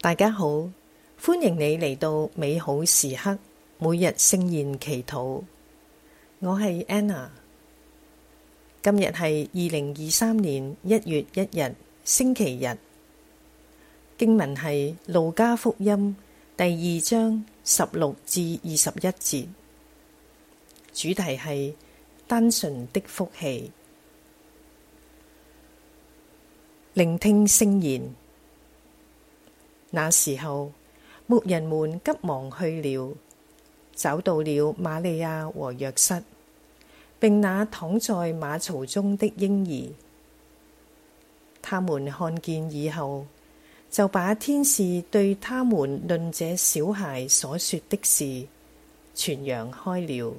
大家好，歡迎你嚟到美好時刻，每日聖言祈禱。我係 Anna，今日係二零二三年一月一日星期日。經文係路加福音第二章十六至二十一節，主題係單純的福氣。聆聽聖言。那時候，牧人們急忙去了，找到了瑪利亞和若瑟，並那躺在馬槽中的嬰兒。他們看見以後，就把天使對他們論這小孩所說的事傳揚開了。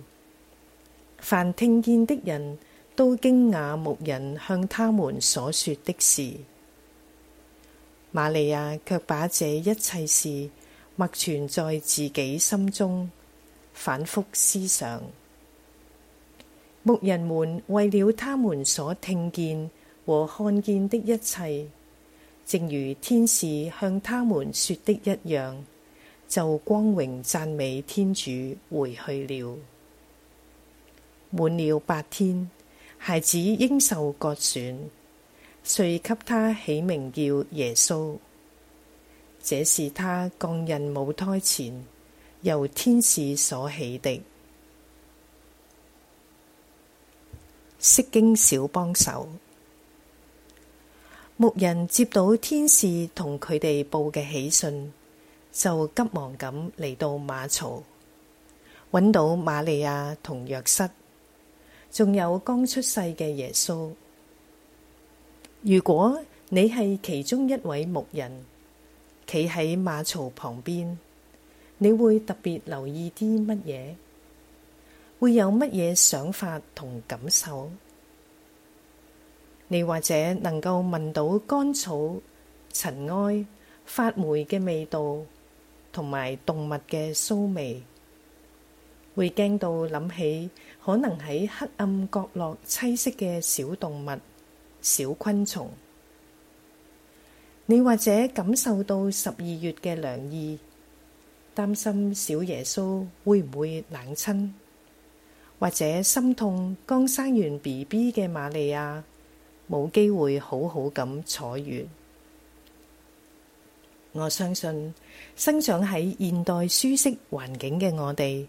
凡聽見的人都驚訝牧人向他們所說的事。瑪利亞卻把這一切事默存在自己心中，反覆思想。牧人們為了他們所聽見和看見的一切，正如天使向他們說的一樣，就光榮讚美天主回去了。滿了八天，孩子應受割損。遂給他起名叫耶穌，這是他降孕母胎前由天使所起的。釋經小幫手，牧人接到天使同佢哋報嘅喜訊，就急忙咁嚟到馬槽，揾到瑪利亞同若瑟，仲有剛出世嘅耶穌。如果你係其中一位牧人，企喺馬槽旁邊，你會特別留意啲乜嘢？會有乜嘢想法同感受？你或者能夠聞到乾草、塵埃、發霉嘅味道，同埋動物嘅騷味，會驚到諗起可能喺黑暗角落棲息嘅小動物。小昆蟲，你或者感受到十二月嘅涼意，擔心小耶穌會唔會冷親，或者心痛剛生完 B B 嘅瑪利亞冇機會好好咁坐月。我相信生長喺現代舒適環境嘅我哋，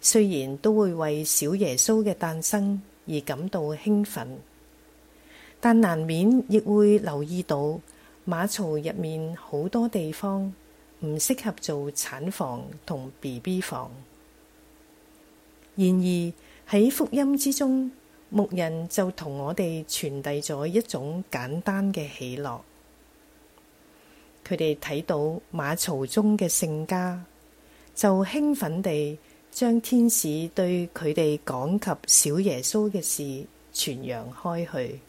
雖然都會為小耶穌嘅誕生而感到興奮。但難免亦會留意到馬槽入面好多地方唔適合做產房同 BB 房。然而喺福音之中，牧人就同我哋傳遞咗一種簡單嘅喜樂。佢哋睇到馬槽中嘅聖家，就興奮地將天使對佢哋講及小耶穌嘅事傳揚開去。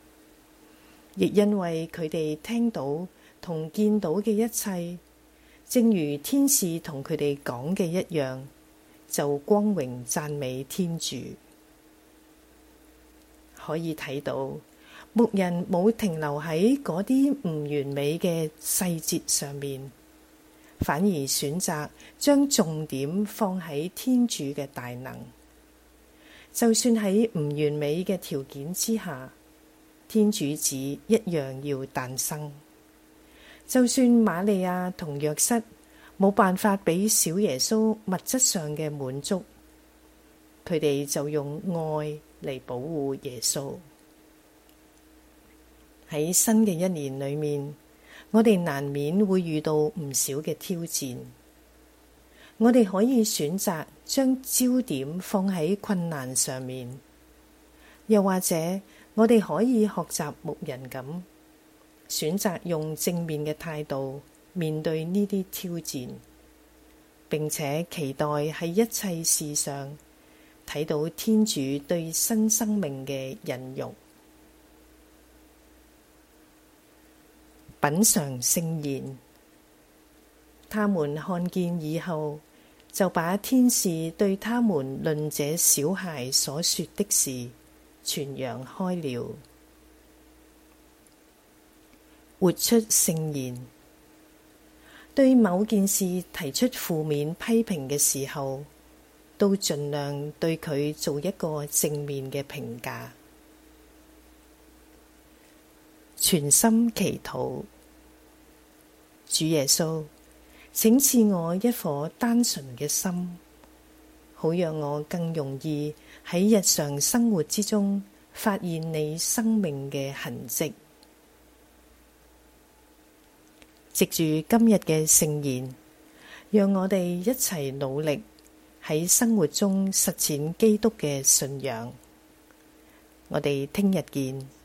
亦因為佢哋聽到同見到嘅一切，正如天使同佢哋講嘅一樣，就光榮讚美天主。可以睇到，牧人冇停留喺嗰啲唔完美嘅細節上面，反而選擇將重點放喺天主嘅大能。就算喺唔完美嘅條件之下。天主子一樣要誕生，就算瑪利亞同若瑟冇辦法俾小耶穌物質上嘅滿足，佢哋就用愛嚟保護耶穌。喺新嘅一年裏面，我哋難免會遇到唔少嘅挑戰。我哋可以選擇將焦點放喺困難上面，又或者。我哋可以學習牧人咁，選擇用正面嘅態度面對呢啲挑戰，並且期待喺一切事上睇到天主對新生命嘅孕育。品嚐聖言。他們看見以後，就把天使對他們論這小孩所說的事。傳揚開了，活出聖言。對某件事提出負面批評嘅時候，都盡量對佢做一個正面嘅評價。全心祈禱，主耶穌，請賜我一顆單純嘅心。好讓我更容易喺日常生活之中發現你生命嘅痕跡。藉住今日嘅聖言，讓我哋一齊努力喺生活中實踐基督嘅信仰。我哋聽日見。